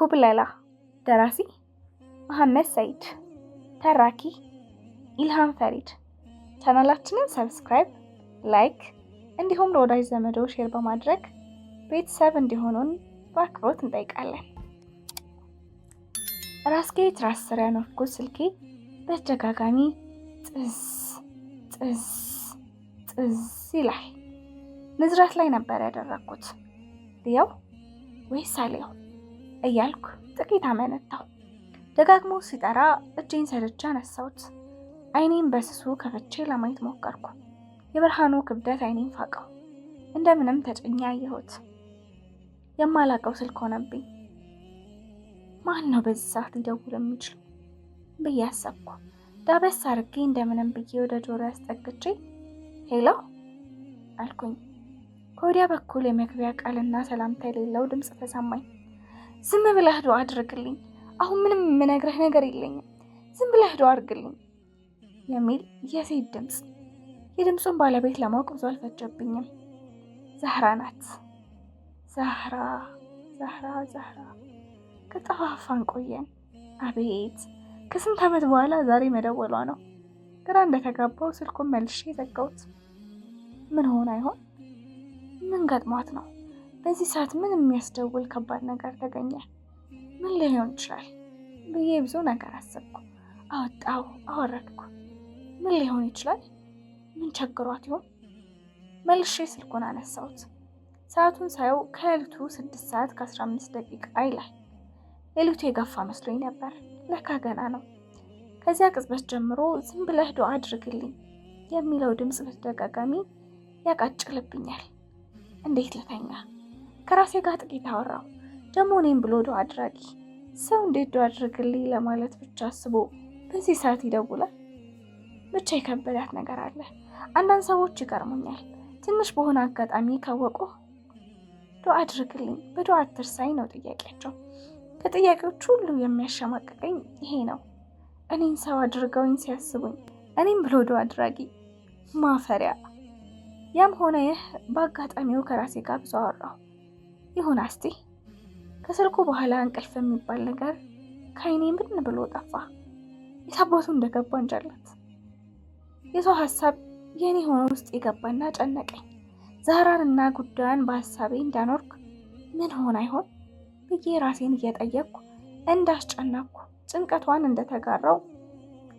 ኩብለላ፣ ደራሲ መሐመድ ሰይድ፣ ተራኪ ኢልሃም ፈሪድ። ቻናላችንን ሰብስክራይብ፣ ላይክ እንዲሁም ለወዳጅ ዘመዶ ሼር በማድረግ ቤተሰብ እንዲሆኑን በአክብሮት እንጠይቃለን። ራስጌ ትራስ ስር ያኖርኩት ስልኬ በተደጋጋሚ ጥዝ ጥዝ ጥዝ ይላል። ንዝረት ላይ ነበር ያደረግኩት። ልየው ወይስ አልየው? እያልኩ ጥቂት አመነታው ደጋግሞ ሲጠራ እጄን ሰድጄ አነሳሁት። አይኔን በስሱ ከፍቼ ለማየት ሞከርኩ። የብርሃኑ ክብደት አይኔን ፋቀው። እንደምንም ተጭኜ አየሁት። የማላቀው ስልክ ሆነብኝ። ማን ነው በዚህ ሰዓት ሊደውል የሚችል ብዬ አሰብኩ። ዳበስ አድርጌ እንደምንም ብዬ ወደ ጆሮ ያስጠግቼ ሄሎ አልኩኝ። ከወዲያ በኩል የመግቢያ ቃልና ሰላምታ የሌለው ድምፅ ተሰማኝ። ዝም ብለህ ዱዓ አድርግልኝ፣ አሁን ምንም የምነግረህ ነገር የለኝም፣ ዝም ብለህ ዱዓ አድርግልኝ የሚል የሴት ድምፅ። የድምፁን ባለቤት ለማወቅ ብዙ አልፈጀብኝም። ዛህራ ናት። ዛህራ ዛህራ ዛህራ። ከጠፋፋን ቆየን። አቤት ከስንት ዓመት በኋላ ዛሬ መደወሏ ነው። ግራ እንደተጋባው ስልኩን መልሼ ዘጋሁት። ምን ሆን አይሆን? ምን ገጥሟት ነው? በዚህ ሰዓት ምን የሚያስደውል ከባድ ነገር ተገኘ? ምን ሊሆን ይችላል ብዬ ብዙ ነገር አሰብኩ፣ አወጣው፣ አወረድኩ። ምን ሊሆን ይችላል? ምን ቸግሯት ይሆን? መልሼ ስልኩን አነሳሁት። ሰዓቱን ሳየው ከሌሊቱ ስድስት ሰዓት ከአስራ አምስት ደቂቃ ይላል። ሌሊቱ የገፋ መስሎኝ ነበር፣ ለካ ገና ነው። ከዚያ ቅጽበት ጀምሮ ዝም ብለህ ዱዓ አድርግልኝ የሚለው ድምፅ በተደጋጋሚ ያቃጭልብኛል። እንዴት ልተኛ? ከራሴ ጋር ጥቂት አወራው። ደግሞ እኔም ብሎ ዶ አድራጊ ሰው እንዴት ዶ አድርግልኝ ለማለት ብቻ አስቦ በዚህ ሰዓት ይደውላል። ብቻ የከበዳት ነገር አለ። አንዳንድ ሰዎች ይገርሙኛል። ትንሽ በሆነ አጋጣሚ ካወቁ ዶ አድርግልኝ፣ በዶ አትርሳኝ ነው ጥያቄያቸው። ከጥያቄዎች ሁሉ የሚያሸማቅቀኝ ይሄ ነው። እኔን ሰው አድርገውኝ ሲያስቡኝ፣ እኔም ብሎ ዶ አድራጊ ማፈሪያ። ያም ሆነ ይህ በአጋጣሚው ከራሴ ጋር ብዙ አወራሁ። ይሁን አስቲ። ከስልኩ በኋላ እንቅልፍ የሚባል ነገር ከአይኔ ምን ብሎ ጠፋ። የታቦቱ እንደገባ እንጃለት። የሰው ሀሳብ የኔ ሆኖ ውስጥ የገባና ጨነቀኝ። ዛራንና ጉዳዩን በሀሳቤ እንዳኖርኩ ምን ሆን አይሆን ብዬ ራሴን እየጠየቅኩ እንዳስጨናኩ ጭንቀቷን እንደተጋራው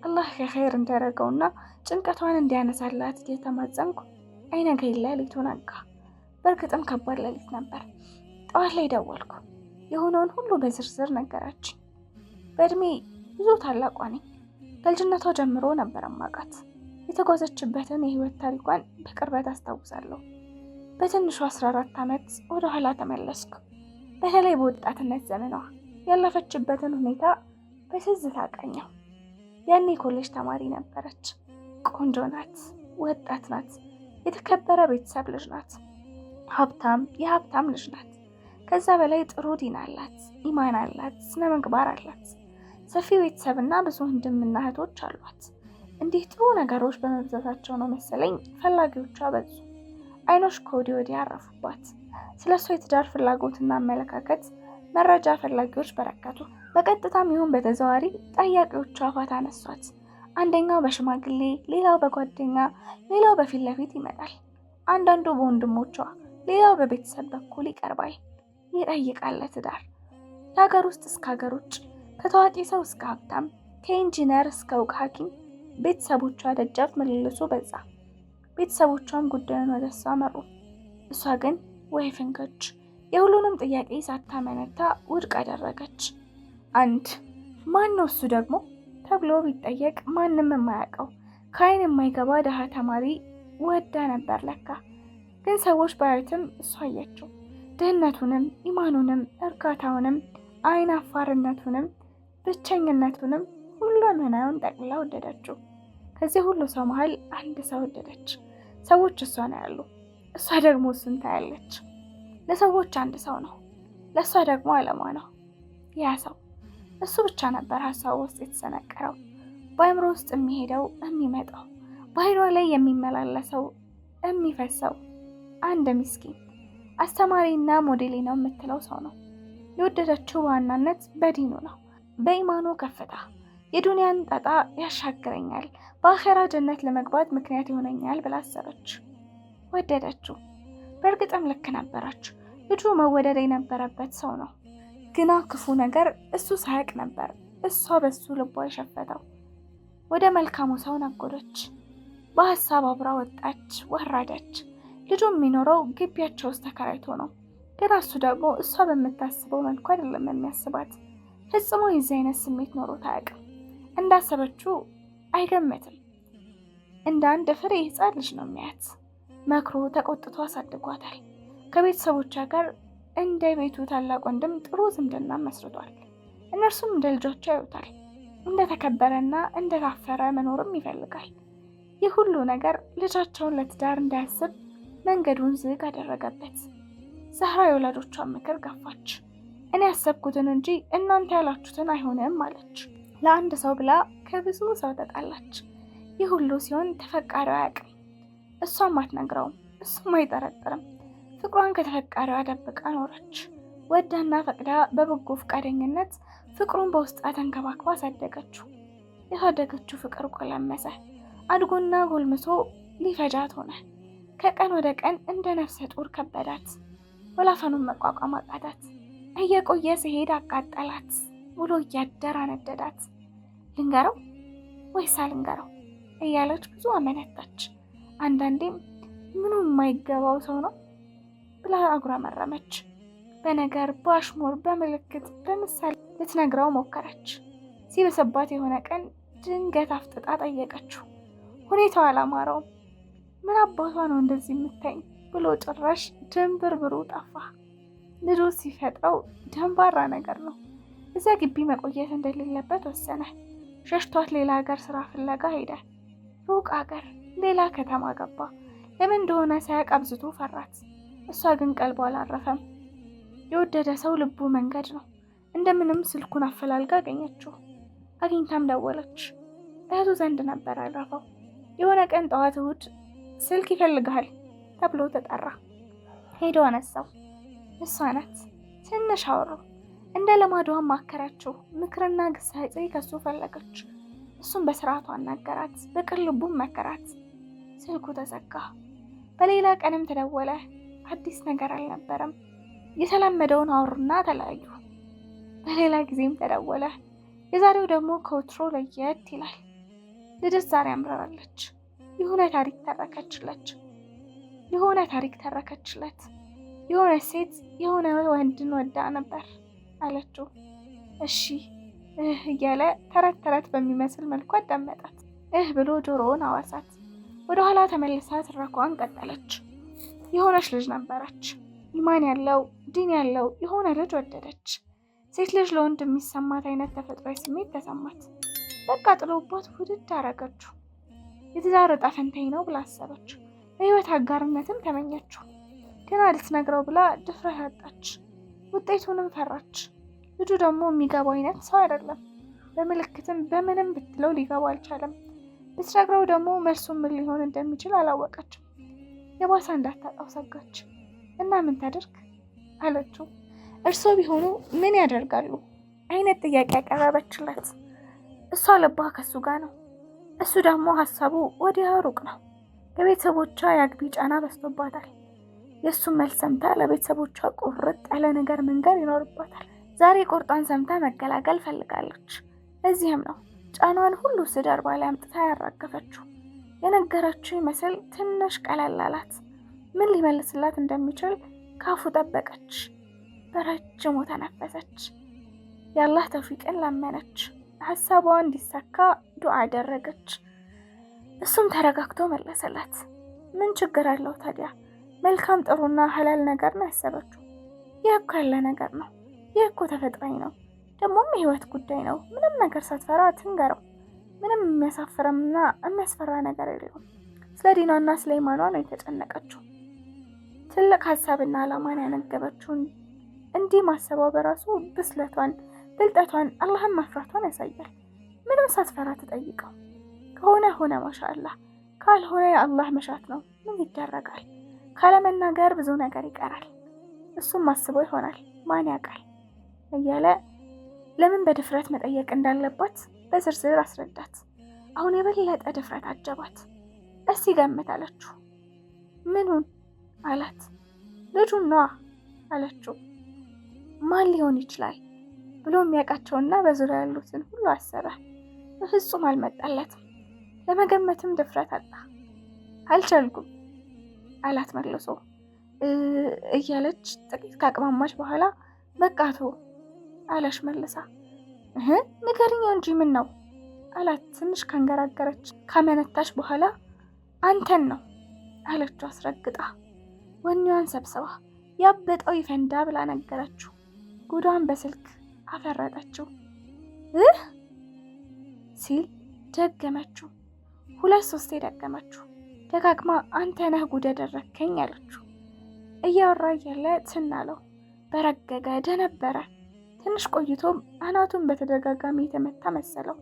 አላህ ከኸይር እንዳደረገውና ጭንቀቷን እንዲያነሳላት እየተማጸንኩ አይነገይላ ሊቱ ነጋ በእርግጥም ከባድ ሌሊት ነበር። ጠዋት ላይ ደወልኩ። የሆነውን ሁሉ በዝርዝር ነገራች በእድሜ ብዙ ታላቋ ነኝ። ከልጅነቷ ጀምሮ ነበር ማቃት። የተጓዘችበትን የህይወት ታሪኳን በቅርበት አስታውሳለሁ። በትንሹ 14 ዓመት ወደ ኋላ ተመለስኩ። በተለይ በወጣትነት ዘመኗ ያለፈችበትን ሁኔታ በትዝታ አቃኘሁ። ያኔ ኮሌጅ ተማሪ ነበረች። ቆንጆ ናት፣ ወጣት ናት፣ የተከበረ ቤተሰብ ልጅ ናት፣ ሀብታም የሀብታም ልጅ ናት። ከዛ በላይ ጥሩ ዲን አላት፣ ኢማን አላት፣ ስነ ምግባር አላት። ሰፊ ቤተሰብና ብዙ ወንድምና እህቶች አሏት። እንዲህ ጥሩ ነገሮች በመብዛታቸው ነው መሰለኝ ፈላጊዎቿ በዙ። አይኖች ከወዲህ ወዲህ ያረፉባት። ስለ እሷ የትዳር ፍላጎትና አመለካከት መረጃ ፈላጊዎች በረከቱ። በቀጥታም ይሁን በተዘዋሪ ጠያቂዎቿ አፋት አነሷት። አንደኛው በሽማግሌ ሌላው በጓደኛ ሌላው በፊት ለፊት ይመጣል። አንዳንዱ በወንድሞቿ ሌላው በቤተሰብ በኩል ይቀርባል። ይጠይቃል ትዳር ከሀገር ውስጥ እስከ ሀገር ውጭ፣ ከታዋቂ ሰው እስከ ሀብታም፣ ከኢንጂነር እስከ እውቅ ሐኪም ቤተሰቦቿ ደጃፍ ምልልሱ በዛ። ቤተሰቦቿም ጉዳዩን ወደ እሷ መሩ። እሷ ግን ወይ ፍንገች የሁሉንም ጥያቄ ሳታመነታ ውድቅ አደረገች። አንድ ማን ነው እሱ ደግሞ ተብሎ ቢጠየቅ ማንም የማያውቀው ከአይን የማይገባ ድሃ ተማሪ ወዳ ነበር ለካ። ግን ሰዎች ባያዩትም እሷ አያቸው። ድህነቱንም፣ ኢማኑንም፣ እርካታውንም፣ አይን አፋርነቱንም፣ ብቸኝነቱንም ሁሉ ምናዩን ጠቅላ ወደደችው። ከዚህ ሁሉ ሰው መሀል አንድ ሰው ወደደች። ሰዎች እሷ ነው ያሉ፣ እሷ ደግሞ እሱን ታያለች። ለሰዎች አንድ ሰው ነው፣ ለእሷ ደግሞ አለሟ ነው። ያ ሰው እሱ ብቻ ነበር ሀሳቡ ውስጥ የተሰነቀረው፣ በአእምሮ ውስጥ የሚሄደው የሚመጣው፣ በአይኗ ላይ የሚመላለሰው የሚፈሰው አንድ ምስኪን አስተማሪና ሞዴሌ ነው የምትለው ሰው ነው የወደደችው በዋናነት በዲኑ ነው፣ በኢማኑ ከፍታ የዱንያን ጣጣ ያሻግረኛል፣ በአኼራ ጀነት ለመግባት ምክንያት ይሆነኛል ብላ አሰበች። ወደደችው። በእርግጥም ልክ ነበረች። ልጁ መወደድ የነበረበት ሰው ነው። ግና ክፉ ነገር እሱ ሳያቅ ነበር እሷ በሱ ልቧ የሸፈተው። ወደ መልካሙ ሰው ነጎደች። በሀሳብ አብራ ወጣች፣ ወረደች። ልጁ የሚኖረው ግቢያቸው ውስጥ ተከራይቶ ነው። ግን እሱ ደግሞ እሷ በምታስበው መልኩ አይደለም የሚያስባት። ፈጽሞ የዚህ አይነት ስሜት ኖሮት አያውቅም። እንዳሰበችው አይገመትም። እንደ አንድ ፍሬ ህፃን ልጅ ነው የሚያት። መክሮ ተቆጥቶ አሳድጓታል። ከቤተሰቦቿ ጋር እንደ ቤቱ ታላቅ ወንድም ጥሩ ዝምድና መስርቷል። እነርሱም እንደ ልጆቻቸው ያዩታል። እንደተከበረና እንደታፈረ መኖርም ይፈልጋል። ይህ ሁሉ ነገር ልጃቸውን ለትዳር እንዳያስብ መንገዱን ዝግ አደረገበት። ዛህራ የወላጆቿን ምክር ገፋች። እኔ ያሰብኩትን እንጂ እናንተ ያላችሁትን አይሆንም አለች። ለአንድ ሰው ብላ ከብዙ ሰው ተጣላች። ይህ ሁሉ ሲሆን ተፈቃሪው አያውቅም። እሷም አትነግረውም፣ እሱም አይጠረጥርም። ፍቅሯን ከተፈቃሪዋ ደብቃ ኖረች። ወዳና ፈቅዳ በበጎ ፈቃደኝነት ፍቅሩን በውስጧ ተንከባክባ አሳደገችው። ያሳደገችው ፍቅር ቆለመሰ አድጎና ጎልምሶ ሊፈጃት ሆነ። ከቀን ወደ ቀን እንደ ነፍሰ ጡር ከበዳት። ወላፈኑን መቋቋም አቃዳት፣ እየቆየ ሲሄድ አቃጠላት። ውሎ እያደር አነደዳት። ልንገረው ወይስ አልንገረው እያለች ብዙ አመነታች። አንዳንዴም ምኑ የማይገባው ሰው ነው ብላ አጉረመረመች። በነገር በአሽሙር በምልክት በምሳሌ ልትነግረው ሞከረች። ሲበሰባት የሆነ ቀን ድንገት አፍጥጣ ጠየቀችው። ሁኔታው አላማረውም። ምን አባቷ ነው እንደዚህ የምታኝ ብሎ ጭራሽ ድንብርብሩ ጠፋ። ልጁ ሲፈጠው ደንባራ ነገር ነው። እዛ ግቢ መቆየት እንደሌለበት ወሰነ። ሸሽቷት ሌላ ሀገር ስራ ፍለጋ ሄደ። ሩቅ ሀገር፣ ሌላ ከተማ ገባ። ለምን እንደሆነ ሳያቅ አብዝቶ ፈራት። እሷ ግን ቀልቧ አላረፈም። የወደደ ሰው ልቡ መንገድ ነው። እንደምንም ስልኩን አፈላልጋ አገኘችው። አግኝታም ደወለች። እህቱ ዘንድ ነበር ያረፈው። የሆነ ቀን ጠዋት ውድ። ስልክ ይፈልግሃል ተብሎ ተጠራ። ሄዶ አነሳው። እሷ ናት። ትንሽ አወሩ። እንደ ልማዷ ማከረችው። ምክርና ግሳጼ ከሱ ፈለገች። እሱም በስርዓቱ አናገራት፣ በቅልቡም መከራት። ስልኩ ተዘጋ። በሌላ ቀንም ተደወለ። አዲስ ነገር አልነበረም። የተለመደውን አወሩና ተለያዩ። በሌላ ጊዜም ተደወለ። የዛሬው ደግሞ ከወትሮ ለየት ይላል። ልደት ዛሬ አምረራለች። የሆነ ታሪክ ተረከችለች የሆነ ታሪክ ተረከችለት። የሆነ ሴት የሆነ ወንድን ወዳ ነበር አለችው። እሺ እህ እያለ ተረት ተረት በሚመስል መልኩ አዳመጣት። እህ ብሎ ጆሮውን አዋሳት። ወደኋላ ተመልሳ ትረኳን ቀጠለች። የሆነች ልጅ ነበረች። ኢማን ያለው ዲን ያለው የሆነ ልጅ ወደደች። ሴት ልጅ ለወንድ የሚሰማት አይነት ተፈጥሯዊ ስሜት ተሰማት። በቃ ጥሎባት ውድድ አረገችው። የትዳር ዕጣ ፈንታዬ ነው ብላ አሰበች በህይወት አጋርነትም ተመኘችው። ገና ልትነግረው ብላ ድፍረት አጣች። ውጤቱንም ፈራች። ልጁ ደግሞ የሚገባው አይነት ሰው አይደለም። በምልክትም በምንም ብትለው ሊገባ አልቻለም። ብትነግረው ደግሞ መልሱ ምን ሊሆን እንደሚችል አላወቀችም። የባሳ እንዳታጣው ሰጋች እና ምን ታደርግ አለችው። እርሶ ቢሆኑ ምን ያደርጋሉ አይነት ጥያቄ ያቀረበችለት። እሷ ልቧ ከሱ ጋር ነው። እሱ ደግሞ ሀሳቡ ወዲያ ሩቅ ነው። የቤተሰቦቿ የአግቢ ጫና በዝቶባታል። የእሱን መልስ ሰምታ ለቤተሰቦቿ ቁርጥ ያለ ነገር መንገር ይኖርባታል። ዛሬ ቁርጧን ሰምታ መገላገል ፈልጋለች። እዚህም ነው ጫኗን ሁሉ ስደርባ ላይ አምጥታ ያራገፈችው። የነገረችው ይመስል ትንሽ ቀለል አላት። ምን ሊመልስላት እንደሚችል ካፉ ጠበቀች። በረጅሙ ተነፈሰች። የአላህ ተውፊቅን ለመነች። ሀሳቧ እንዲሳካ ዱዓ አደረገች። እሱም ተረጋግቶ መለሰላት። ምን ችግር አለው ታዲያ? መልካም ጥሩና ሀላል ነገር ነው ያሰበችው። ይህ እኮ ያለ ነገር ነው። ይህ እኮ ተፈጥሯዊ ነው። ደግሞም የህይወት ጉዳይ ነው። ምንም ነገር ሳትፈራ ትንገረው። ምንም የሚያሳፍረምና የሚያስፈራ ነገር የለውም። ስለ ዲኗና ስለ ኢማኗ ነው የተጨነቀችው። ትልቅ ሀሳብና ዓላማን ያነገበችውን እንዲህ ማሰቧ በራሱ ብስለቷን ብልጠቷን አላህን ማፍራቷን ያሳያል። ምንም ሳትፈራ ትጠይቀው ከሆነ ሆነ ማሻአላህ፣ ካልሆነ የአላህ መሻት ነው። ምን ይደረጋል? ካለመናገር ብዙ ነገር ይቀራል። እሱም አስቦ ይሆናል ማን ያውቃል እያለ ለምን በድፍረት መጠየቅ እንዳለባት በዝርዝር አስረዳት። አሁን የበለጠ ድፍረት አጀባት። እስኪ ገምት አለችው። ምኑን አላት። ልጁን ነዋ አለችው። ማን ሊሆን ይችላል ብሎ የሚያውቃቸውና በዙሪያ ያሉትን ሁሉ አሰበ። በፍጹም አልመጣለትም። ለመገመትም ድፍረት አጣ። አልቻልኩም አላት መልሶ እያለች ጥቂት ካቅማማች በኋላ በቃቶ አለሽ መልሳ። እህ ንገርኛ እንጂ ምን ነው አላት። ትንሽ ከንገራገረች ካመነታች በኋላ አንተን ነው አለችው አስረግጣ። ወኔዋን ሰብስባ ያበጠው ይፈንዳ ብላ ነገረችው ጉዷን በስልክ አፈረጠችው። እህ ሲል ደገመችው። ሁለት ሶስቴ ደገመችው። ደጋግማ አንተ ነህ ጉድ ያደረከኝ አለችው። እያወራ እያለ ትናለው በረገገ ደነበረ። ትንሽ ቆይቶም አናቱን በተደጋጋሚ የተመታ መሰለው።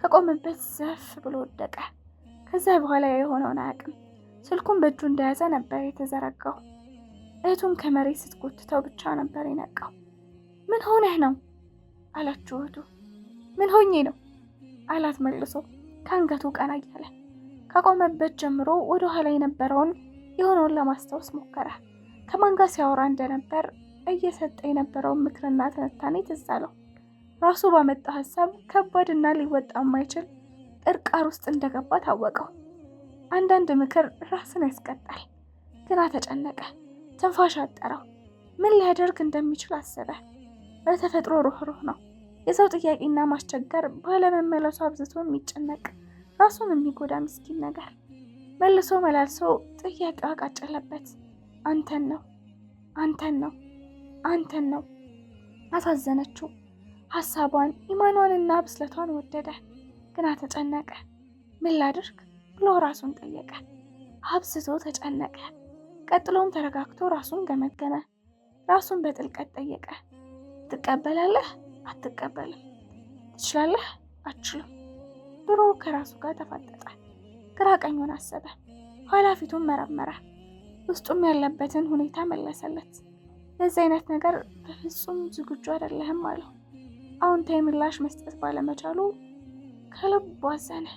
ከቆመበት ዘፍ ብሎ ወደቀ። ከዛ በኋላ የሆነውን አያውቅም። ስልኩን በእጁ እንደያዘ ነበር የተዘረጋው። እህቱን ከመሬት ስትጎትተው ብቻ ነበር የነቃው። ምን ሆነህ ነው አላችሁ እህቱ። ምን ሆኜ ነው አላት መልሶ ከአንገቱ ቀና እያለ። ከቆመበት ጀምሮ ወደ ኋላ የነበረውን የሆነውን ለማስታወስ ሞከረ። ከማን ጋር ሲያወራ እንደነበር እየሰጠ የነበረውን ምክርና ትንታኔ ትዝ አለው። ራሱ ባመጣ ሀሳብ ከባድና ሊወጣ የማይችል ጥርቃር ውስጥ እንደገባ ታወቀው። አንዳንድ ምክር ራስን ያስቀጣል። ግና ተጨነቀ። ትንፋሽ አጠረው። ምን ሊያደርግ እንደሚችል አሰበ። በተፈጥሮ ሩህሩህ ነው። የሰው ጥያቄና ማስቸገር ባለመመለሱ አብዝቶ የሚጨነቅ ራሱን የሚጎዳ ምስኪን ነገር መልሶ መላልሶ ጥያቄዋ አቃጨለበት። አንተን ነው አንተን ነው አንተን ነው አሳዘነችው። ሀሳቧን ኢማኗንና ብስለቷን ወደደ፣ ግና ተጨነቀ። ምን ላድርግ ብሎ ራሱን ጠየቀ። አብስቶ ተጨነቀ። ቀጥሎም ተረጋግቶ ራሱን ገመገመ። ራሱን በጥልቀት ጠየቀ። ትቀበላለህ? አትቀበልም። ትችላለህ? አትችልም። ብሮ ከራሱ ጋር ተፋጠጠ። ግራ ቀኙን አሰበ። ኋላ ፊቱን መረመረ። ውስጡም ያለበትን ሁኔታ መለሰለት። ለዚህ አይነት ነገር በፍጹም ዝግጁ አይደለህም አለው። አዎንታዊ ምላሽ መስጠት ባለመቻሉ ከልቡ አዘነ።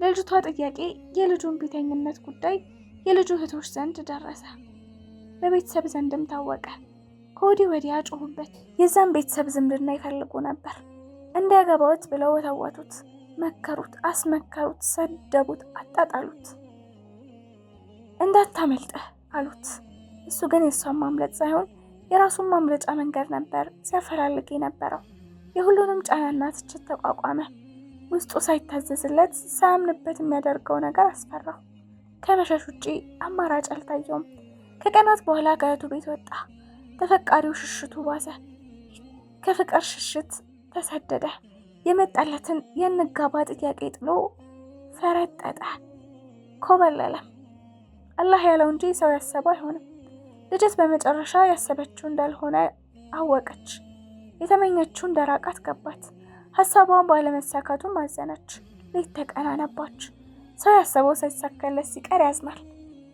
ለልጅቷ ጥያቄ የልጁን ቤተኝነት ጉዳይ የልጁ እህቶች ዘንድ ደረሰ። በቤተሰብ ዘንድም ታወቀ። ከወዲህ ወዲ ጮሁበት። የዛን ቤተሰብ ዝምድና ይፈልጉ ነበር። እንዲያገባዎት ብለው ወተወቱት፣ መከሩት፣ አስመከሩት፣ ሰደቡት፣ አጣጣሉት። እንዳታመልጠህ አሉት። እሱ ግን የእሷን ማምለጥ ሳይሆን የራሱን ማምለጫ መንገድ ነበር ሲያፈላልግ የነበረው። የሁሉንም ጫናና ትችት ተቋቋመ። ውስጡ ሳይታዘዝለት ሳያምንበት የሚያደርገው ነገር አስፈራው። ከመሸሽ ውጪ አማራጭ አልታየውም። ከቀናት በኋላ ከእህቱ ቤት ወጣ። ተፈቃሪው ሽሽቱ ባዘ ከፍቅር ሽሽት ተሰደደ። የመጣለትን የንጋባ ጥያቄ ጥሎ ፈረጠጠ፣ ኮበለለ። አላህ ያለው እንጂ ሰው ያሰበው አይሆንም። ልጅት በመጨረሻ ያሰበችው እንዳልሆነ አወቀች። የተመኘችው እንደራቃት ገባት። ሀሳቧን ባለመሳካቱም አዘነች። ሌት ተቀን ሰው ያሰበው ሳይሳካለት ሲቀር ያዝናል፣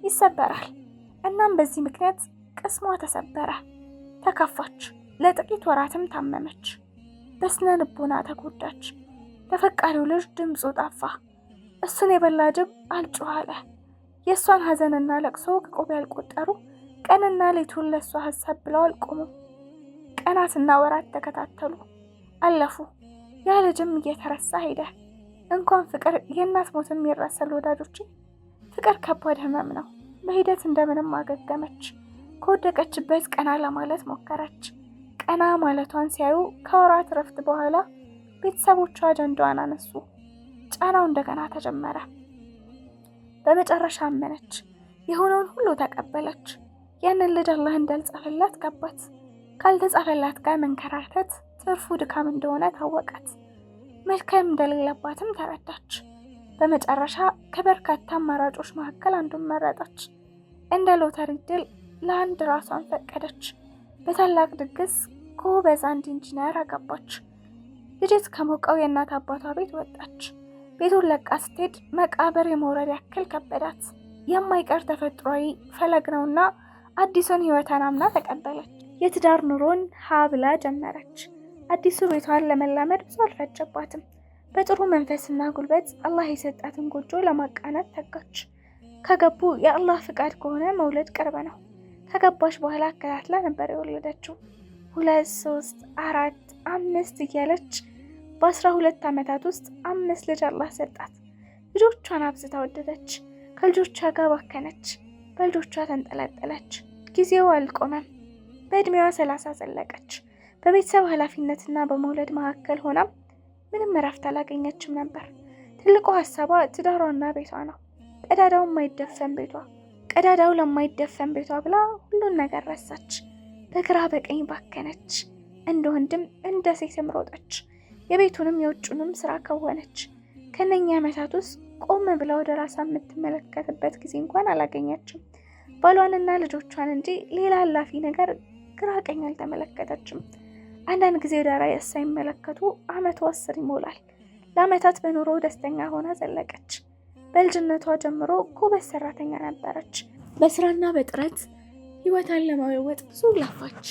ይሰበራል። እናም በዚህ ምክንያት ቅስሟ ተሰበረ። ተከፋች። ለጥቂት ወራትም ታመመች። በስነ ልቦና ተጎዳች። ተፈቃሪው ልጅ ድምፁ ጠፋ። እሱን የበላ ጅብ አልጮህ አለ። የእሷን ሐዘንና ለቅሶ ከቆብ ያልቆጠሩ ቀንና ሌቱን ለእሷ ሀሳብ ብለው አልቆሙም። ቀናትና ወራት ተከታተሉ፣ አለፉ። ያ ልጅም እየተረሳ ሄደ። እንኳን ፍቅር የእናት ሞትም ይረሳል። ወዳጆች ፍቅር ከባድ ህመም ነው። በሂደት እንደምንም አገገመች። ከወደቀችበት ቀና ለማለት ሞከረች። ቀና ማለቷን ሲያዩ ከወራት ረፍት በኋላ ቤተሰቦቿ አጀንዳዋን አነሱ። ጫናው እንደገና ተጀመረ። በመጨረሻ አመነች። የሆነውን ሁሉ ተቀበለች። ያንን ልጅ አላህ እንዳልጻፈላት ገባት። ካልተጻፈላት ጋር መንከራተት ትርፉ ድካም እንደሆነ ታወቃት። መልካም እንደሌለባትም ተረዳች። በመጨረሻ ከበርካታ አማራጮች መካከል አንዱን መረጠች። እንደ ሎተሪ ድል ለአንድ ራሷን ፈቀደች። በታላቅ ድግስ ጎበዝ አንድ ኢንጂነር አገባች። ልጅት ከሞቀው የእናት አባቷ ቤት ወጣች። ቤቱን ለቃ ስትሄድ መቃብር የመውረድ ያክል ከበዳት። የማይቀር ተፈጥሯዊ ፈለግ ነውና አዲሱን ሕይወቷን አምና ተቀበለች። የትዳር ኑሮን ብላ ጀመረች። አዲሱ ቤቷን ለመላመድ ብዙ አልፈጀባትም። በጥሩ መንፈስና ጉልበት አላህ የሰጣትን ጎጆ ለማቃናት ተጋች። ከገቡ የአላህ ፍቃድ ከሆነ መውለድ ቅርብ ነው። ከገባች በኋላ አከታትላ ነበር የወለደችው። ሁለት፣ ሶስት፣ አራት፣ አምስት እያለች በአስራ ሁለት ዓመታት ውስጥ አምስት ልጅ አላህ ሰጣት። ልጆቿን አብዝታ ወደደች። ከልጆቿ ጋር ባከነች። በልጆቿ ተንጠላጠለች። ጊዜው አልቆመም። በዕድሜዋ ሰላሳ ዘለቀች። በቤተሰብ ኃላፊነትና በመውለድ መካከል ሆናም ምንም እረፍት አላገኘችም ነበር። ትልቁ ሀሳቧ ትዳሯና ቤቷ ነው። ቀዳዳውም አይደፈን ቤቷ ቀዳዳው ለማይደፈን ቤቷ ብላ ሁሉን ነገር ረሳች። በግራ በቀኝ ባከነች። እንደ ወንድም እንደ ሴትም ሮጠች። የቤቱንም የውጩንም ስራ ከወነች። ከነኛ ዓመታት ውስጥ ቆም ብላ ወደ ራሷ የምትመለከትበት ጊዜ እንኳን አላገኘችም። ባሏንና ልጆቿን እንጂ ሌላ አላፊ ነገር ግራ ቀኝ አልተመለከተችም። አንዳንድ ጊዜ ወደ ራሷ ሳይመለከቱ አመቷ አስር ይሞላል። ለአመታት በኑሮ ደስተኛ ሆና ዘለቀች። በልጅነቷ ጀምሮ ጎበዝ ሰራተኛ ነበረች። በስራና በጥረት ህይወቷን ለመለወጥ ብዙ ላፋች።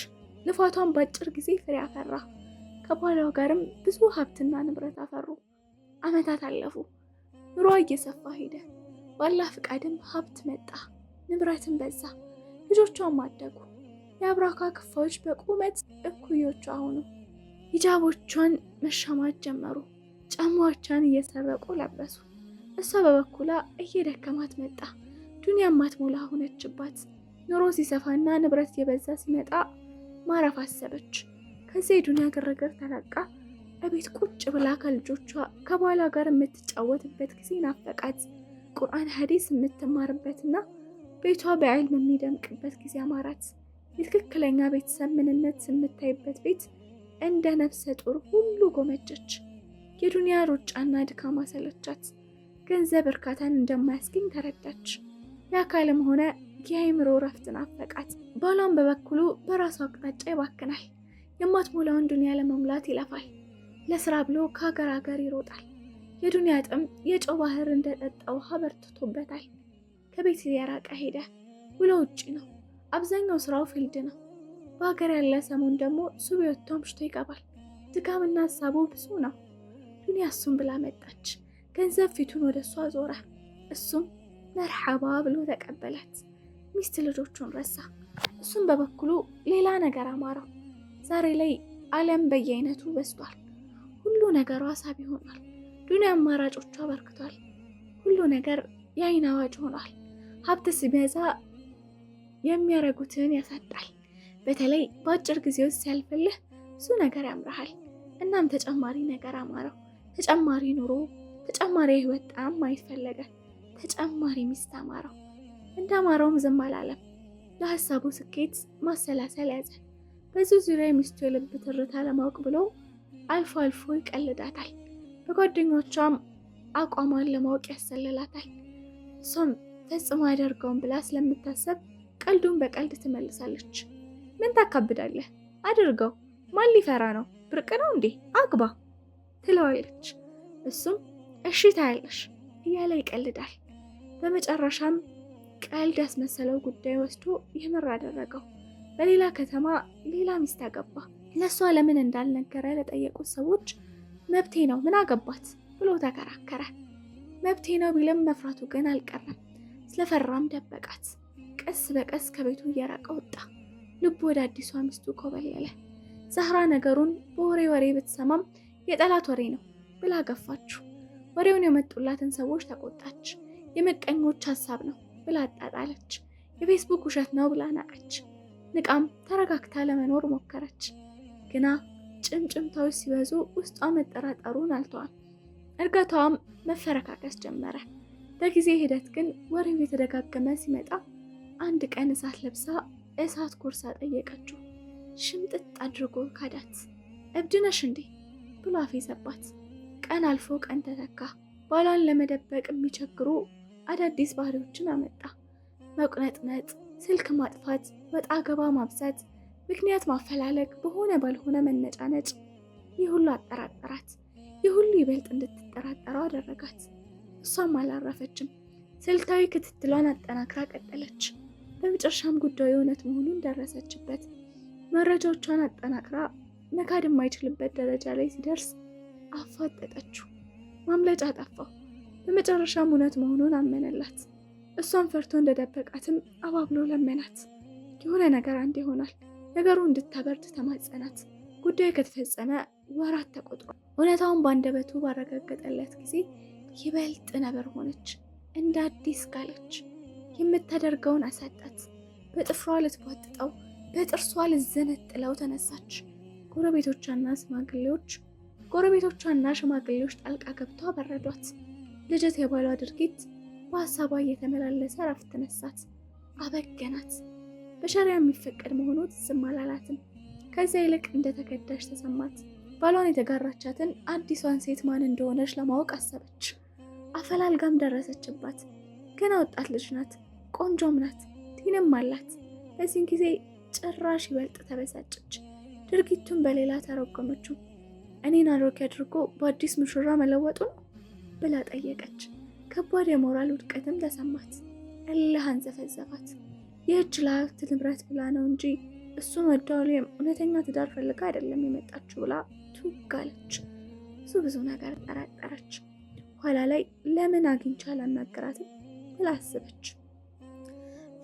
ልፋቷን በአጭር ጊዜ ፍሬ አፈራ። ከባሏ ጋርም ብዙ ሀብትና ንብረት አፈሩ። አመታት አለፉ። ኑሯ እየሰፋ ሄደ። ባላ ፍቃድም ሀብት መጣ፣ ንብረትም በዛ። ልጆቿም አደጉ። የአብራኳ ክፋዎች በቁመት እኩዮቿ ሆኑ። ሂጃቦቿን መሻማት ጀመሩ። ጫማዎቿን እየሰረቁ ለበሱ። እሷ በበኩላ እየደከማት መጣ። ዱንያም ማትሞላ ሆነችባት። ኑሮ ሲሰፋና ንብረት የበዛ ሲመጣ ማረፍ አሰበች። ከዚያ የዱንያ ግርግር ተላቃ እቤት ቁጭ ብላ ከልጆቿ ከባሏ ጋር የምትጫወትበት ጊዜ ናፈቃት። ቁርአን ሐዲስ የምትማርበትና ቤቷ በዕልም የሚደምቅበት ጊዜ አማራት። የትክክለኛ ቤተሰብ ምንነት የምታይበት ቤት እንደ ነፍሰ ጡር ሁሉ ጎመጀች። የዱንያ ሩጫና ድካም አሰለቻት። ገንዘብ እርካታን እንደማያስገኝ ተረዳች። የአካልም ሆነ የአይምሮ እረፍት ናፈቃት። ባሏን በበኩሉ በራሱ አቅጣጫ ይባክናል። የማትሞላውን ዱንያ ለመሙላት ይለፋል። ለስራ ብሎ ከሀገር ሀገር ይሮጣል። የዱንያ ጥም የጨው ባህር እንደጠጣ ውሃ በርትቶበታል። ከቤት የራቀ ሄደ። ውሎ ውጪ ነው። አብዛኛው ስራው ፊልድ ነው። በሀገር ያለ ሰሞን ደግሞ ሱብ ወጥቶ አምሽቶ ይገባል። ድካምና ሀሳቡ ብዙ ነው። ዱንያ እሱን ብላ መጣች። ገንዘብ ፊቱን ወደ እሷ ዞረ። እሱም መርሐባ ብሎ ተቀበላት። ሚስት ልጆቹን ረሳ። እሱም በበኩሉ ሌላ ነገር አማረው። ዛሬ ላይ ዓለም በየአይነቱ በዝቷል። ሁሉ ነገሯ ሳቢ ሆኗል። ዱንያ አማራጮቿ በርክቷል። ሁሉ ነገር የአይን አዋጅ ሆኗል። ሀብት ሲበዛ የሚያረጉትን ያሳጣል። በተለይ በአጭር ጊዜ ውስጥ ሲያልፍልህ ብዙ ነገር ያምርሃል። እናም ተጨማሪ ነገር አማረው፣ ተጨማሪ ኑሮ ተጨማሪ ህይወት ጣም አይፈለገ ተጨማሪ ሚስት አማረው እንዳማረውም ዝም አላለም። ለሀሳቡ ስኬት ማሰላሰል ያዘ። በዚህ ዙሪያ የሚስቱ የልብ ትርታ ለማወቅ ብሎ አልፎ አልፎ ይቀልዳታል። በጓደኞቿም አቋሟን ለማወቅ ያሰልላታል። እሷም ፈጽሞ አያደርገውም ብላ ስለምታሰብ ቀልዱን በቀልድ ትመልሳለች። ምን ታካብዳለህ? አድርገው። ማን ሊፈራ ነው? ብርቅ ነው እንዴ? አግባ ትለዋለች። እሱም እሺ ታያለሽ እያለ ይቀልዳል። በመጨረሻም ቀልድ ያስመሰለው ጉዳይ ወስዶ የምር አደረገው። በሌላ ከተማ ሌላ ሚስት አገባ። ለእሷ ለምን እንዳልነገረ ለጠየቁት ሰዎች መብቴ ነው ምን አገባት ብሎ ተከራከረ። መብቴ ነው ቢልም መፍራቱ ግን አልቀረም። ስለፈራም ደበቃት። ቀስ በቀስ ከቤቱ እየራቀ ወጣ። ልቡ ወደ አዲሷ ሚስቱ ኮበለለ። ዛህራ ነገሩን በወሬ ወሬ ብትሰማም የጠላት ወሬ ነው ብላ ገፋችሁ። ወሬውን የመጡላትን ሰዎች ተቆጣች። የመቀኞች ሀሳብ ነው ብላ አጣጣለች። የፌስቡክ ውሸት ነው ብላ ናቀች። ንቃም ተረጋግታ ለመኖር ሞከረች። ግና ጭምጭምታዎች ሲበዙ ውስጧ መጠራጠሩን አልተዋል። እርጋታዋም መፈረካከስ ጀመረ። በጊዜ ሂደት ግን ወሬው የተደጋገመ ሲመጣ አንድ ቀን እሳት ለብሳ እሳት ጎርሳ ጠየቀችው። ሽምጥጥ አድርጎ ካዳት። እብድነሽ እንዴ ብሎ አፌዘባት። ቀን አልፎ ቀን ተተካ። ባሏን ለመደበቅ የሚቸግሩ አዳዲስ ባህሪዎችን አመጣ። መቁነጥነጥ፣ ስልክ ማጥፋት፣ ወጣ ገባ ማብዛት፣ ምክንያት ማፈላለግ፣ በሆነ ባልሆነ መነጫነጭ። ይህ ሁሉ አጠራጠራት። ይህ ሁሉ ይበልጥ እንድትጠራጠረው አደረጋት። እሷም አላረፈችም። ስልታዊ ክትትሏን አጠናክራ ቀጠለች። በመጨረሻም ጉዳዩ እውነት መሆኑን ደረሰችበት። መረጃዎቿን አጠናክራ መካድ የማይችልበት ደረጃ ላይ ሲደርስ አፋጠጠችው። ማምለጫ ጠፋ። በመጨረሻም እውነት መሆኑን አመነላት። እሷን ፈርቶ እንደደበቃትም አባብሎ ለመናት። የሆነ ነገር አንድ ይሆናል። ነገሩ እንድታበርድ ተማጸናት። ጉዳዩ ከተፈጸመ ወራት ተቆጥሯል። እውነታውን በአንደበቱ ባረጋገጠለት ጊዜ ይበልጥ ነበር ሆነች። እንደ አዲስ ጋለች። የምታደርገውን አሳጣት። በጥፍሯ ልትቧጥጠው፣ በጥርሷ ልዘነጥለው ተነሳች። ጎረቤቶቿና ስማግሌዎች። ጎረቤቶቿና ሽማግሌዎች ጣልቃ ገብተው አበረዷት። ልጀት የባሏ ድርጊት በሀሳቧ እየተመላለሰ ረፍት ነሳት፣ አበገናት። በሸሪያ የሚፈቀድ መሆኑ ትዝም አላላትም። ከዚያ ይልቅ እንደ ተከዳሽ ተሰማት። ባሏን የተጋራቻትን አዲሷን ሴት ማን እንደሆነች ለማወቅ አሰበች። አፈላልጋም ደረሰችባት። ገና ወጣት ልጅ ናት፣ ቆንጆም ናት፣ ቲንም አላት። በዚህን ጊዜ ጭራሽ ይበልጥ ተበሳጨች። ድርጊቱን በሌላ ተረጎመችው። እኔን አሮጌ አድርጎ በአዲስ ሙሽራ መለወጡ ነው ብላ ጠየቀች። ከባድ የሞራል ውድቀትም ተሰማት። እልህ አንዘፈዘፋት። ይህች ለሀብት ንብረት ብላ ነው እንጂ እሱን ወዳውሌም እውነተኛ ትዳር ፈልጋ አይደለም የመጣችው ብላ ትጋለች። ብዙ እሱ ብዙ ነገር ጠራጠረች። ኋላ ላይ ለምን አግኝቻ አላናገራትም ብላ አስበች።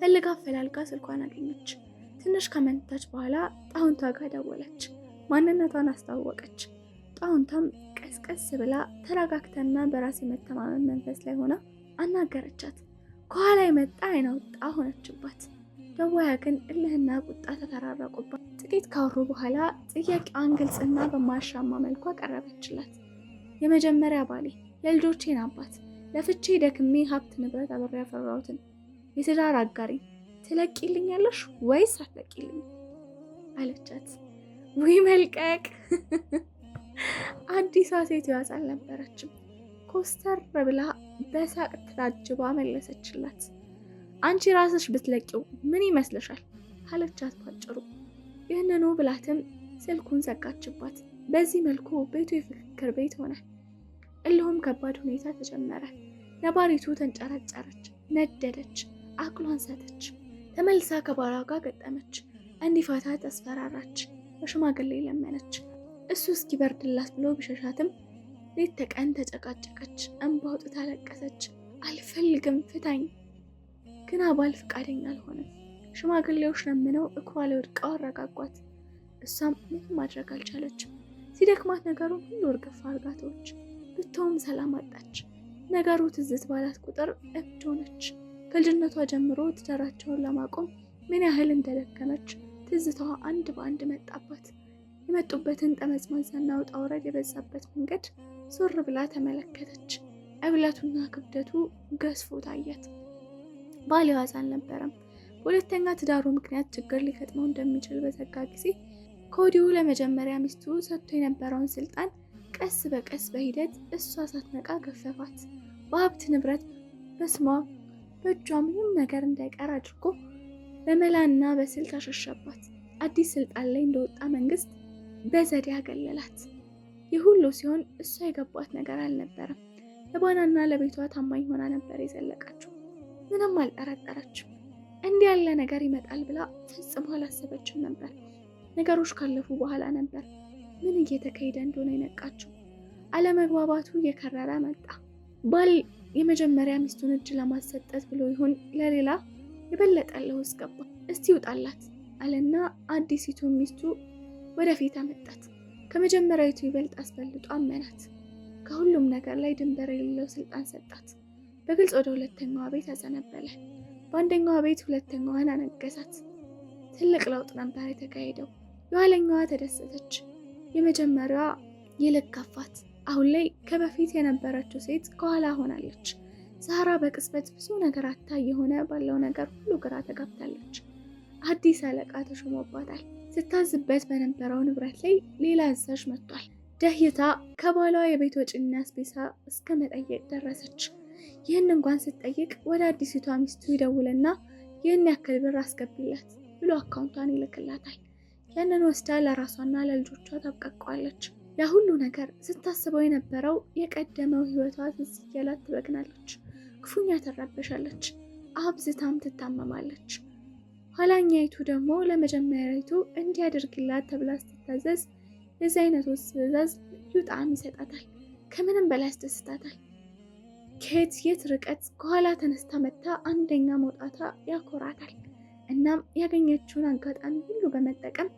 ፈልጋ አፈላልጋ ስልኳን አገኘች። ትንሽ ከመንታች በኋላ ጣውንቷ ጋር ደወለች። ማንነቷን አስታወቀች። ጣውንታም ቀስቀስ ብላ ተረጋግታና በራስ የመተማመን መንፈስ ላይ ሆና አናገረቻት። ከኋላ የመጣ አይናውጣ ሆነችባት። ደዋያ ግን እልህና ቁጣ ተፈራረቁባት። ጥቂት ካወሩ በኋላ ጥያቄዋን ግልጽና በማያሻማ መልኩ አቀረበችላት። የመጀመሪያ ባሌ፣ የልጆቼን አባት፣ ለፍቼ ደክሜ ሀብት ንብረት አብሬ ያፈራሁትን የትዳር አጋሪ ትለቂልኛለሽ ወይስ አትለቂልኝ? አለቻት። ውይ መልቀቅ አዲሷ ሴት ያዝ አልነበረችም። ኮስተር ብላ በሳቅ ታጅባ መለሰችላት። አንቺ ራስሽ ብትለቂው ምን ይመስልሻል? አለቻት ባጭሩ። ይህንኑ ብላትም ስልኩን ዘጋችባት። በዚህ መልኩ ቤቱ የፍክክር ቤት ሆነ። እልሁም ከባድ ሁኔታ ተጀመረ። ነባሪቱ ተንጨረጨረች፣ ነደደች፣ አቅሏን ሰተች፣ ተመልሳ ከባሏ ጋር ገጠመች። እንዲፋታ ተስፈራራች፣ በሽማግሌ ለመነች። እሱ እስኪበርድላት ብሎ ቢሸሻትም ሌት ተቀን ተጨቃጨቀች፣ እንባ አውጥታ ለቀሰች። አልፈልግም ፍታኝ። ግን አባል ፈቃደኛ አልሆነም። ሽማግሌዎች ለምነው እግሯ ላይ ወድቀው አረጋጓት። እሷም ምንም ማድረግ አልቻለችም። ሲደክማት ነገሩን ሁሉ እርግፍ አርጋቶች ብትውም ሰላም አጣች። ነገሩ ትዝት ባላት ቁጥር እብድ ሆነች። ከልጅነቷ ጀምሮ ትዳራቸውን ለማቆም ምን ያህል እንደደከመች ትዝታዋ አንድ በአንድ መጣባት። የመጡበትን ጠመዝማዛና ውጣ ውረድ የበዛበት መንገድ ዞር ብላ ተመለከተች። እብለቱና ክብደቱ ገዝፎ ታያት። ባል የዋዝ አልነበረም። በሁለተኛ ትዳሩ ምክንያት ችግር ሊገጥመው እንደሚችል በዘጋ ጊዜ ከወዲሁ ለመጀመሪያ ሚስቱ ሰጥቶ የነበረውን ስልጣን ቀስ በቀስ በሂደት እሷ ሳትነቃ ገፈፋት። በሀብት ንብረት፣ በስሟ በእጇ ምንም ነገር እንዳይቀር አድርጎ በመላና በስልት አሸሸባት። አዲስ ስልጣን ላይ እንደወጣ መንግስት በዘዴ አገለላት። ይህ ሁሉ ሲሆን እሷ የገባት ነገር አልነበረም። ለባናና ለቤቷ ታማኝ ሆና ነበር የዘለቀችው። ምንም አልጠረጠረችም። እንዲህ ያለ ነገር ይመጣል ብላ ፈጽሞ አላሰበችም ነበር። ነገሮች ካለፉ በኋላ ነበር ምን እየተካሄደ እንደሆነ የነቃችው። አለመግባባቱ እየከረረ መጣ። ባል የመጀመሪያ ሚስቱን እጅ ለማሰጠት ብሎ ይሆን ለሌላ የበለጠ ለውስጥ ገባ። እስቲ ይውጣላት አለና አዲሲቱ ሚስቱ ወደፊት አመጣት። ከመጀመሪያዊቱ ይበልጥ አስበልጦ አመናት። ከሁሉም ነገር ላይ ድንበር የሌለው ስልጣን ሰጣት። በግልጽ ወደ ሁለተኛዋ ቤት አዘነበለ። በአንደኛዋ ቤት ሁለተኛዋን አነገሳት። ትልቅ ለውጥ ነበር የተካሄደው። የኋለኛዋ ተደሰተች፣ የመጀመሪያዋ ይልቅ አሁን ላይ ከበፊት የነበረችው ሴት ከኋላ ሆናለች። ሳራ በቅጽበት ብዙ ነገር አታ የሆነ ባለው ነገር ሁሉ ግራ ተጋብታለች። አዲስ አለቃ ተሾሞባታል። ስታዝበት በነበረው ንብረት ላይ ሌላ አዛዥ መጥቷል። ደህይታ ከባሏ የቤት ወጪና አስቤዛ እስከ መጠየቅ ደረሰች። ይህን እንኳን ስትጠይቅ ወደ አዲሲቷ ሚስቱ ይደውልና ይህን ያክል ብር አስገቢለት ብሎ አካውንቷን ይልክላታል። ያንን ወስዳ ለራሷና ለልጆቿ ታብቀቀዋለች። ያ ሁሉ ነገር ስታስበው የነበረው የቀደመው ሕይወቷ ትዝ እያላት ትበግናለች። ክፉኛ ትረበሻለች። አብዝታም ትታመማለች። ኋላኛይቱ ደግሞ ለመጀመሪያዊቱ እንዲያደርግላት ተብላ ስትታዘዝ የዚህ አይነቱ ትዕዛዝ ልዩ ጣዕም ይሰጣታል። ከምንም በላይ ያስደስታታል። ከየት የት ርቀት ከኋላ ተነስታ መጥታ አንደኛ መውጣቷ ያኮራታል። እናም ያገኘችውን አጋጣሚ ሁሉ በመጠቀም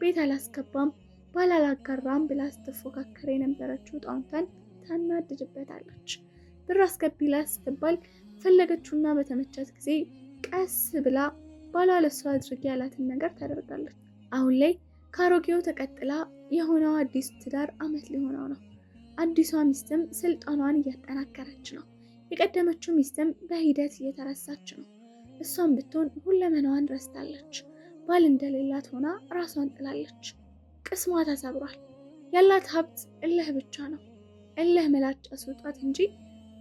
ቤት አላስገባም ባላላጋራም ብላ ስትፎካከር የነበረችው ጣውንታን ታናድድበታለች። ብር አስገቢላ ስትባል ፈለገችውና በተመቻት ጊዜ ቀስ ብላ ባሏ ለሷ አድርጌ ያላትን ነገር ታደርጋለች። አሁን ላይ ከአሮጌው ተቀጥላ የሆነው አዲስ ትዳር አመት ሊሆነው ነው። አዲሷ ሚስትም ስልጣኗን እያጠናከረች ነው። የቀደመችው ሚስትም በሂደት እየተረሳች ነው። እሷም ብትሆን ሁለመናዋን ረስታለች። ባል እንደሌላት ሆና ራሷን ጥላለች። ቅስሟ ተሰብሯል። ያላት ሀብት እልህ ብቻ ነው። እልህ መላጫ ስውጧት እንጂ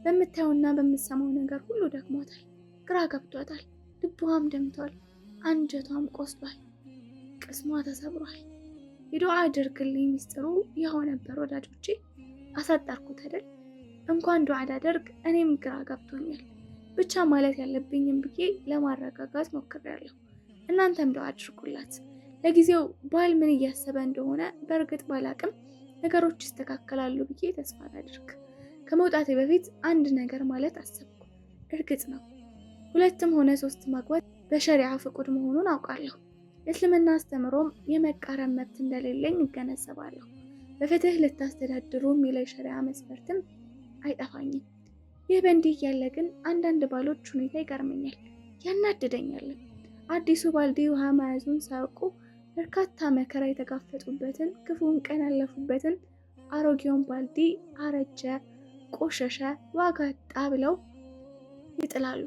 በምታየውና በምትሰማው ነገር ሁሉ ደክሟታል፣ ግራ ገብቷታል። ልቧም ደምቷል፣ አንጀቷም ቆስሏል፣ ቅስሟ ተሰብሯል። የዱዓ አድርግልኝ ሚስጥሩ ያው ነበር ወዳጆቼ። አሳጠርኩት አይደል? እንኳን ዱዓ ላደርግ እኔም ግራ ገብቶኛል። ብቻ ማለት ያለብኝም ብዬ ለማረጋጋት ሞክሬያለሁ። እናንተም ዱዓ አድርጉላት። ለጊዜው ባል ምን እያሰበ እንደሆነ በእርግጥ ባላቅም ነገሮች ይስተካከላሉ ብዬ ተስፋ ላድርግ። ከመውጣቴ በፊት አንድ ነገር ማለት አሰብኩ። እርግጥ ነው ሁለትም ሆነ ሶስት ማግባት በሸሪዓ ፍቁድ መሆኑን አውቃለሁ። የእስልምና አስተምሮም የመቃረም መብት እንደሌለኝ ይገነዘባለሁ። በፍትህ ልታስተዳድሩ የሚለው ሸሪዓ መስፈርትም አይጠፋኝም። ይህ በእንዲህ ያለ ግን አንዳንድ ባሎች ሁኔታ ይገርመኛል፣ ያናድደኛለን። አዲሱ ባልዲ ውሃ መያዙን ሳያውቁ በርካታ መከራ የተጋፈጡበትን ክፉን ቀን ያለፉበትን አሮጌውን ባልዲ አረጀ፣ ቆሸሸ፣ ዋጋ ጣ ብለው ይጥላሉ።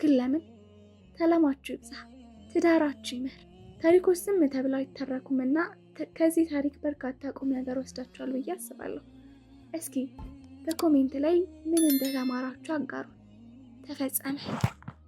ግን ለምን? ሰላማችሁ ይብዛ፣ ትዳራችሁ ይመር። ታሪኮች ዝም ተብለው እና ከዚህ ታሪክ በርካታ ቁም ነገር ወስዳችኋል ብዬ አስባለሁ። እስኪ በኮሜንት ላይ ምን እንደተማራችሁ አጋሩ። ተፈጸመ።